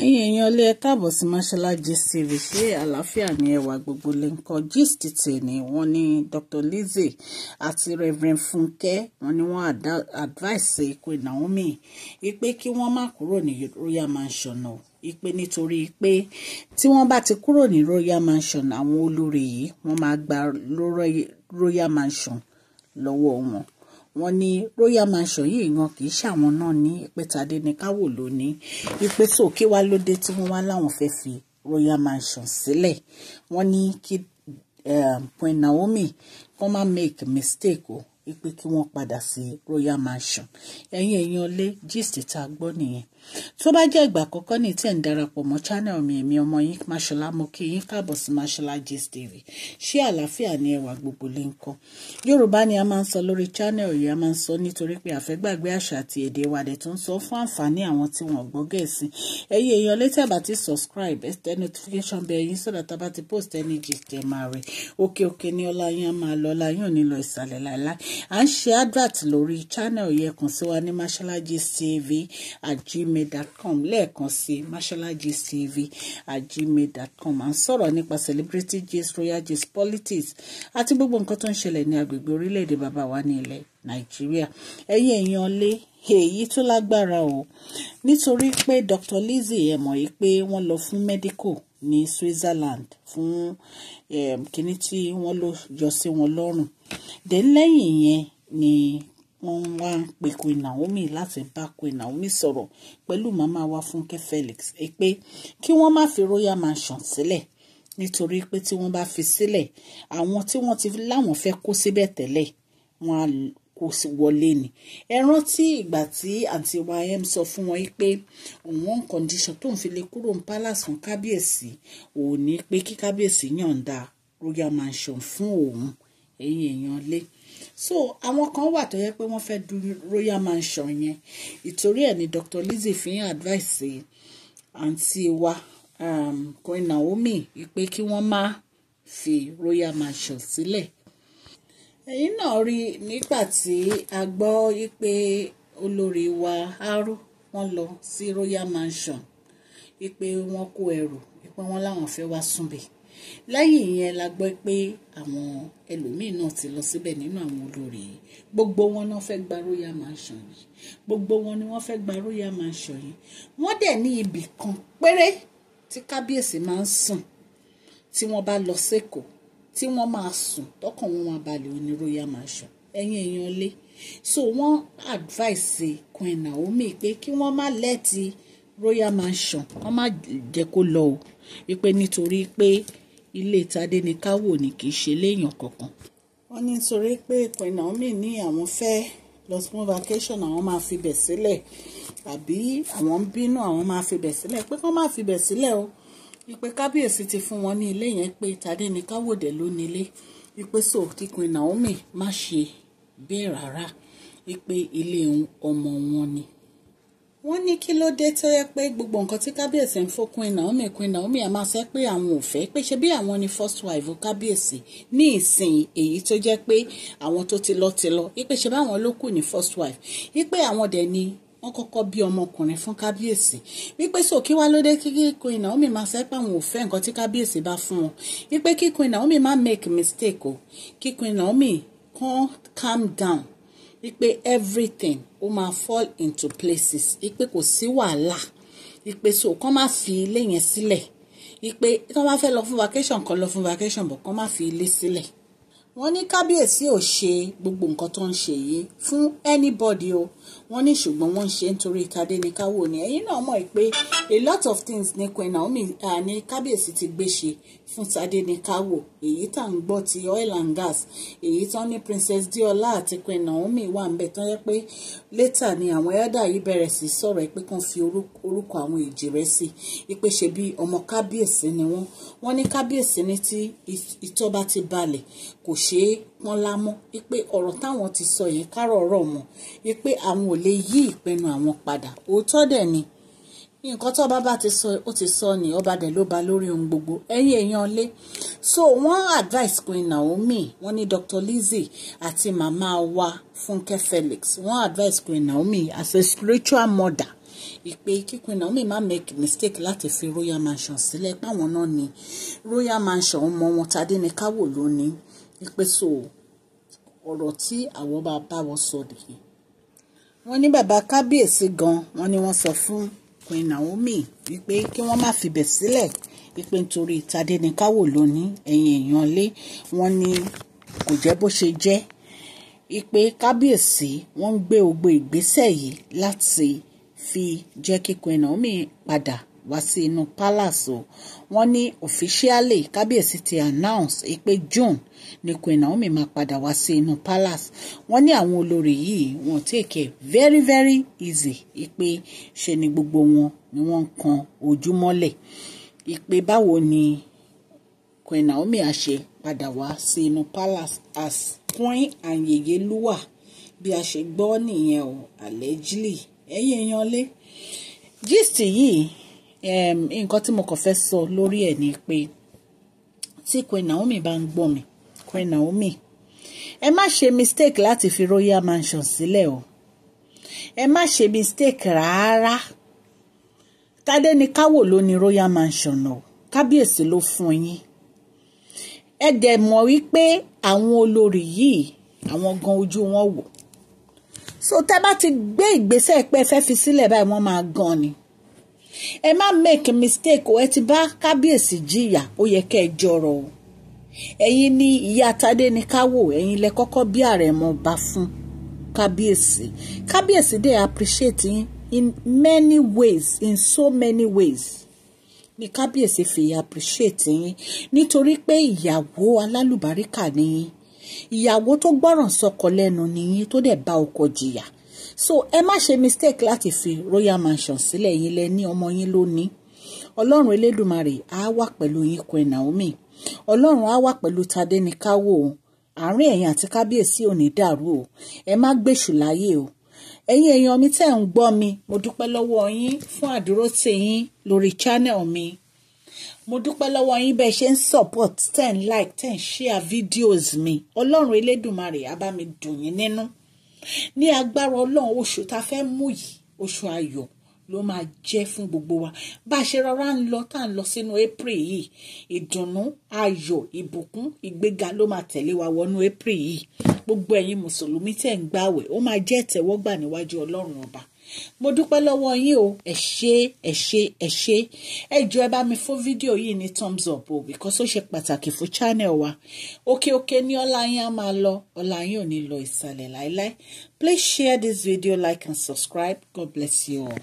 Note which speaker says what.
Speaker 1: ẹ̀yin èèyàn ilé ẹ káàbọ̀ sí Mashola Gist ṣé àlàáfíà ni ẹwà gbogbo lè ń kọ gist tèmi wọ́n ní Dr. Lizzie àti Reverend Funke wọ́n ní wọ́n advice ìpè Naomi ìpè kí wọ́n má kúrò ní Royal Mansion náà ìpè nítorí pé tí wọ́n bá ti kúrò ní Royal Mansion àwọn olórí yìí wọ́n máa gba Royal Mansion lọ́wọ́ wọn wọ́n ní royal mansion yìí gan kì í ṣàwọn náà ní ìpẹ́tàdé ní káwò lónìí ìpè tó kí wá lóde tí wọ́n wá láwọn fẹ́ fi royal mansion sílẹ̀ wọ́n ní kí eh, Queen Naomi kó má make mistake o ìpè kí wọ́n padà sí royal mansion ẹ̀yin èèyàn lé gist tá a nìyẹn tó bá jẹ́ ìgbà àkọ́kọ́ ní tí ẹ̀ ń darapọ̀ mọ́ channel mi èmi ọmọ yín Máṣọlá mo kí yín káàbọ̀ sí Máṣọlá Gist ṣé àlàáfíà ni ẹwà gbogbo lè ń kọ́ Yorùbá ni a máa ń sọ lórí channel yìí a máa ń sọ nítorí pé àfẹ́gbàgbé àṣà àti èdè wa dẹ̀ tó ń sọ fún àǹfààní àwọn tí wọ́n gbọ́ Gẹ̀ẹ́sì ẹ̀yin èèyàn létí àbá ti subscribe ẹ notification bell yín sọ́dọ̀ tá a bá ti post ẹni gist ẹ máa rẹ̀ òkè òkè ni ọlá yín á máa lọ ọlá yín ò ní lọ ìsàlẹ̀ gmail.com lẹ́ẹ̀kan sí masholagistv at gmail.com à ń sọ̀rọ̀ nípa celebrity gist royal gist politics àti gbogbo nǹkan tó ń ṣẹlẹ̀ ní agbègbè orílẹ̀-èdè bàbá wa ní ilẹ̀ nàìjíríà ẹ̀yin èèyàn lé èyí tó lágbára o nítorí pé Dr. Lizzie ẹ mọ̀ yìí pé wọ́n lọ fún medical ní Switzerland fún um, ehm, kinní tí wọ́n lọ yọ sí wọn lọ́rùn dẹ̀ lẹ́yìn yẹn ni wọ́n wá ń pe Queen Naomi láti bá Queen Naomi sọ̀rọ̀ pẹ̀lú màmá wa Fúnkẹ́ Felix ẹ pé kí wọ́n má fi royal mansion sílẹ̀ nítorí pé tí wọ́n bá fi sílẹ̀ àwọn tí wọ́n ti láwọn fẹ́ kó síbẹ̀ tẹ́lẹ̀ wọ́n á kó wọlé ni ẹ rántí ìgbà tí àǹtí ym sọ fún wọn pé òun condition tóun fi lè kúrò ní palace fún kábíyèsí òun ní pé kí kábíyèsí yàn ń da royal mansion fún òun ẹ̀yin èèyàn lé so àwọn kan wà tó yẹ pé wọ́n fẹ́ du royal mansion yẹn ìtorí ẹ̀ ni Dr. Lizzie fi ń advice àǹtí wa um, Queen Naomi pé kí wọ́n má fi royal mansion sílẹ̀ ẹ̀yin náà rí nígbà tí a gbọ́ pé olórí wa Aro wọ́n lọ sí royal mansion pé wọ́n kó ẹrù pé wọ́n láwọn fẹ́ wá súnbẹ̀ẹ́ lẹ́yìn yẹn la gbọ́ pé àwọn ẹlòmíín náà ti lọ síbẹ̀ nínú àwọn olórí yìí gbogbo wọn náà fẹ́ gba royal mansion yìí gbogbo wọn ni wọ́n fẹ́ gba royal mansion yìí wọ́n dẹ̀ ní ibì kan péré tí kábíyèsí máa ń sùn tí wọ́n bá lọ sẹ́kọ̀ọ́ tí wọ́n máa sùn tọkàn wọn máa balẹ̀ oní royal mansion ẹ̀yìn èèyàn lé so wọ́n advice Queen Naomi pé kí wọ́n má lẹ́ẹ̀tì royal mansion wọ́n má jẹ́ kó lọ o wípé nítorí pé ilé Tadé ni ká wò ní kì í ṣe léèyàn kankan. wọ́n ní nítorí pé Queen Naomi ní àwọn fẹ́ lọ fún vacation àwọn máa fibẹ̀ sílẹ̀ àbí àwọn ń bínú àwọn máa fibẹ̀ sílẹ̀ pé kán máa fibẹ̀ sílẹ̀ o ìpè kábíyèsí ti fún wọn ní ilé yẹn pé Tadé ni ká wò dé ló nílé ìpè so kí Queen Naomi má ṣe bẹ́ẹ̀ rárá ìpè ilé ọmọ wọn ni wọ́n ní kí ló dé tó yẹ pé gbogbo nǹkan tí kábíyèsí ń fún Queen Naomi Queen Naomi ẹ̀ máa sọ pé àwọn ò fẹ́ pé ṣe bí àwọn ni first wife kábíyèsí ní ìsìn èyí tó jẹ́ pé àwọn tó ti lọ ti lọ ipe ṣe báwọn ló kù ní first wife ipe àwọn dẹ̀ ni wọ́n kọ́kọ́ bí ọmọkùnrin fún kábíyèsí wípé so kí wá ló dé kí Queen Naomi máa sọ pé àwọn ò fẹ́ nǹkan tí kábíyèsí bá fún wọn wípé kí Queen Naomi má make mistake o kí Queen Naomi kàn calm down wípé everything ó máa fall into places wípé kò sí wàhálà wípé so kán má fi ilé yẹn sílẹ̀ wípé tí wọ́n bá fẹ́ lọ fún vacation kan lọ fún vacation bọ̀ kán má fi ilé sílẹ̀. Si wọ́n ní kábíyèsí ò ṣe gbogbo nǹkan tó ń ṣe yìí fún anybody o wọ́n ní ṣùgbọ́n wọ́n ń ṣe nítorí kádéníkáwò ni ẹ̀yin náà mọ̀ pé a lot of things ní Queen Naomi ní kábíyèsí ti gbé ṣe fún tádéníkáwò èyí tá ń gbọ́ ti oil and gas èyí tán ní Princess Diola àti Queen Naomi wà ń bẹ̀ tán yẹ pé létà ni àwọn elder yìí bẹ̀rẹ̀ sí sọ̀rọ̀ pé kàn fi orúkọ àwọn èjì rẹ̀ sí ipe ṣe bí ọmọ kábíyèsí ni wọ́n wọ́n ní kábíyèsí ní tí ìtọ́ba ṣeé pọ́n lámọ́ wípé ọ̀rọ̀ táwọn ti sọ yẹn kárọ̀ ọ̀rọ̀ mọ̀ wípé àwọn ò lè yí ìpinnu àwọn padà òótọ́ dẹ̀ ni nǹkan tó bàbá ti sọ ó ti sọ ni ọba dẹ̀ ló ba lórí ohun gbogbo ẹ̀yin èèyàn lé so wọ́n advice Queen Naomi wọ́n ní Dr. Lizzie àti màmá wa Funke Felix wọ́n advice Queen Naomi as a spiritual mother ìpè kí Queen Naomi má make mistake láti fi royal mansion sílẹ̀ páwọn náà ni royal mansion ọmọ wọn Tádéníkáwò ló ní ìpè so ọ̀rọ̀ tí àwọn bá bá wọn sọ nìyí wọ́n ní bàbá kábíyèsí gan wọ́n ní wọ́n sọ fún Queen Naomi wípé kí wọ́n má fìbẹ̀ sílẹ̀ wípé nítorí Tadéníkáwò ló ní ẹ̀yìn èèyàn lé wọ́n ní kò jẹ́ bó ṣe jẹ́ ìpè kábíyèsí wọ́n ń gbé ògbó ìgbésẹ̀ yìí láti fi jẹ́ kí Queen Naomi padà wá sí inú palace o wọ́n ní officially kábíyèsí ti announce pé June ni Queen Naomi máa padà wá sí inú palace wọ́n ní àwọn olórí yìí wọ́n take very very easy pé ṣe ni gbogbo wọn ni wọ́n ń kan ojú mọ́lẹ̀ ìpè báwo ni Queen Naomi àṣẹ padà wá sí inú palace as Queen and Yèyé Lúwà bí a ṣe gbọ́ nìyẹn o allegedly ẹ̀yin èèyàn lé gist yìí nǹkan tí mo kàn fẹ́ sọ lórí ẹ̀ ni pé tí Queen Naomi bá ń gbọ́ mi Queen Naomi ẹ má ṣe mistake láti fi royal mansion sílẹ̀ o ẹ má ṣe mistake rárá tádẹ́ni káwò ló ní royal mansion náà kábíyèsí ló fún yín ẹ dẹ̀ mọ̀ wípé àwọn olórí yìí àwọn gan ojú wọn wò so tẹ́ bá ti gbé ìgbésẹ̀ pé fẹ́ fi sílẹ̀ báyìí wọ́n máa gan ni ẹ má make mistake o ẹ ti bá kábíyèsí jìyà ó yẹ kẹ́ ẹ jọrọ o ẹ̀yin ni ìyá tadé ni ká wò ẹ̀yin lẹ kọ́kọ́ bí àrẹ̀mọ bá fún kábíyèsí kábíyèsí dey appreciate yín in many ways in so many ways ni kábíyèsí fi appreciate yín nítorí pé ìyàwó alálùbáríkà ni yín ìyàwó tó gbọ́ràn sọ́kọ lẹ́nu ni yín tó dẹ̀ bá ọkọ jìyà so ẹ má ṣe mistake láti fi royal mansion sílẹ̀ yín lẹ ní ọmọ yín lónìí ọlọ́run elédùnmarè á wà pẹ̀lú yín Queen Naomi ọlọ́run á wà pẹ̀lú Tadéníkáwò o àárín ẹ̀yin àti kábíyèsí ò ní dàrú o ẹ má gbèṣù láyé o ẹ̀yin èèyàn mi tẹ́ ń gbọ́ mi mo dúpẹ́ lọ́wọ́ yín fún àdúró tiyín lórí channel mi mo dúpẹ́ lọ́wọ́ yín bẹ́ẹ̀ ṣe ń support ten like ten share videos mi ọlọ́run elédùnmarè á bá mi dùn yín nínú ní agbára ọlọ́run oṣù tá a fẹ́ mú yìí oṣù ayọ̀ ló máa jẹ́ fún gbogbo wa bá a ṣe rọra ń lọ tá à ń lọ sínú april yìí ìdùnnú ayọ̀ ìbùkún ìgbéga ló máa tẹ̀lé wa wọnú april yìí gbogbo ẹ̀yin mùsùlùmí tẹ̀ ń gbàwẹ̀ ó máa jẹ́ ìtẹ̀wọ́gbà níwájú ọlọ́run ọba mo dúpẹ́ lọ́wọ́ yín o ẹ ṣé ẹ ṣé ẹ ṣé ẹ jọ̀ọ́ ẹ bá mi fún fídíò yìí ní thumbs up o because ó ṣe pàtàkì fún channel wa òkè òkè ní ọlá yín á máa lọ ọlá yín ò ní lọ ìsàlẹ̀ láéláé please share this video like and subscribe god bless you all.